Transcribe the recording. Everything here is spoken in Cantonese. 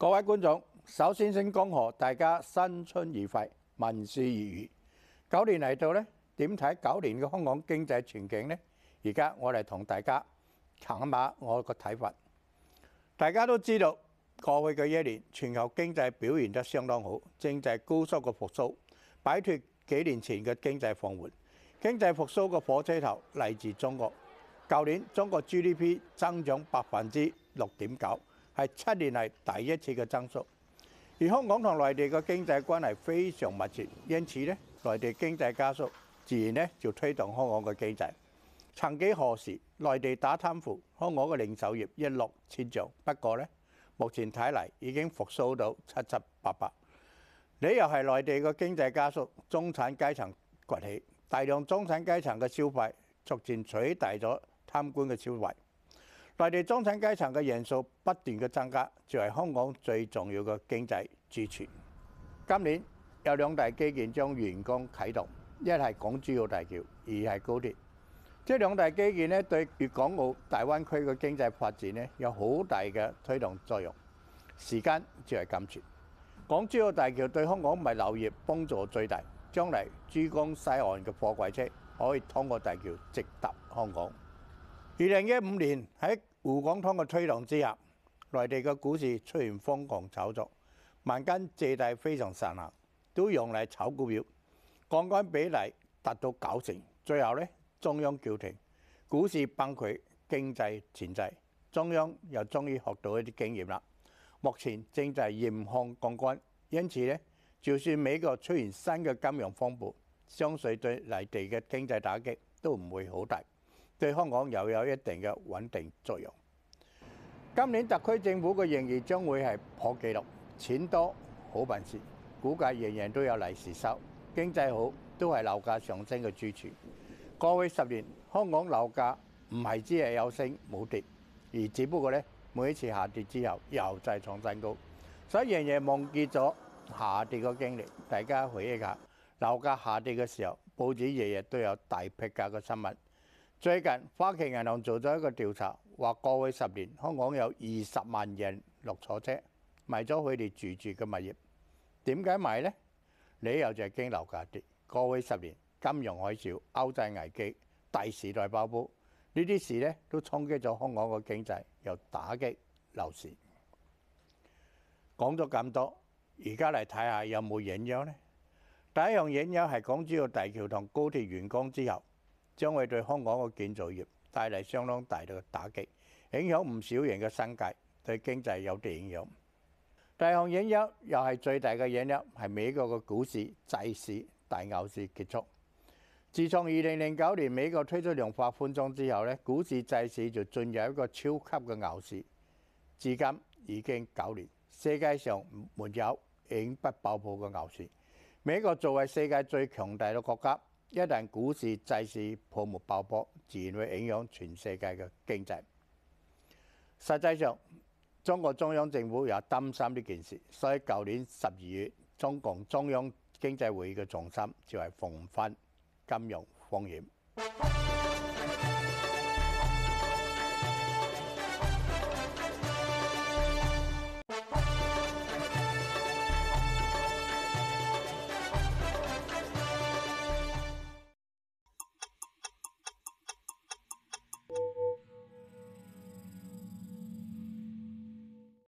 各位觀眾，首先先恭賀大家新春愉快，萬事如意。狗年嚟到呢，點睇狗年嘅香港經濟前景呢？而家我嚟同大家談一下我個睇法。大家都知道過去嘅一年，全球經濟表現得相當好，經濟高速嘅復甦，擺脱幾年前嘅經濟放緩。經濟復甦嘅火車頭嚟自中國。舊年中國 GDP 增長百分之六點九。係七年嚟第一次嘅增速，而香港同內地嘅經濟關係非常密切，因此咧，內地經濟加速，自然咧就推動香港嘅經濟。曾幾何時，內地打貪腐，香港嘅零售業一落千丈。不過咧，目前睇嚟已經復甦到七七八八，理由係內地嘅經濟加速，中產階層崛起，大量中產階層嘅消費逐漸取代咗貪官嘅消費。內地中產階層嘅人數不斷嘅增加，就係香港最重要嘅經濟支柱。今年有兩大基建將完工啟動，一係港珠澳大橋，二係高鐵。即係兩大基建咧，對粵港澳大灣區嘅經濟發展咧，有好大嘅推動作用。時間就係間接，港珠澳大橋對香港物流業幫助最大。將嚟珠江西岸嘅貨櫃車可以通過大橋直達香港。二零一五年喺滬港通嘅推動之下，內地嘅股市出現瘋狂炒作，民間借貸非常盛行，都用嚟炒股票，槓桿比例達到九成。最後咧，中央叫停，股市崩潰，經濟停滯。中央又終於學到一啲經驗啦。目前正在嚴控槓桿，因此咧，就算美國出現新嘅金融風暴，相信對內地嘅經濟打擊都唔會好大。對香港又有一定嘅穩定作用。今年特區政府嘅盈餘將會係破紀錄，錢多好辦事，估計人人都有利是收。經濟好都係樓價上升嘅支柱。過去十年，香港樓價唔係只係有升冇跌，而只不過呢每一次下跌之後又再創新高。所以，人人忘記咗下跌嘅經歷，大家回憶下樓價下跌嘅時候，報紙日日都有大劈價嘅新聞。最近花旗銀行做咗一個調查，話過去十年，香港有二十萬人落坐車賣咗佢哋住住嘅物業。點解賣呢？理由就係驚樓價跌。過去十年，金融海嘯、歐債危機、大時代爆煲呢啲事呢，都衝擊咗香港個經濟，又打擊樓市。講咗咁多，而家嚟睇下有冇影響呢？第一樣影響係港珠澳大橋同高鐵完工之後。將會對香港嘅建造業帶嚟相當大嘅打擊，影響唔少人嘅生計，對經濟有啲影響。第二項影響又係最大嘅影響，係美國嘅股市債市大牛市結束。自從二零零九年美國推出量化寬鬆之後咧，股市債市就進入一個超級嘅牛市，至今已經九年。世界上沒有永不爆破嘅牛市。美國作為世界最強大嘅國家。一旦股市、債市泡沫爆破，自然會影響全世界嘅經濟。實際上，中國中央政府也擔心呢件事，所以舊年十二月，中共中央經濟會議嘅重心就係防範金融風險。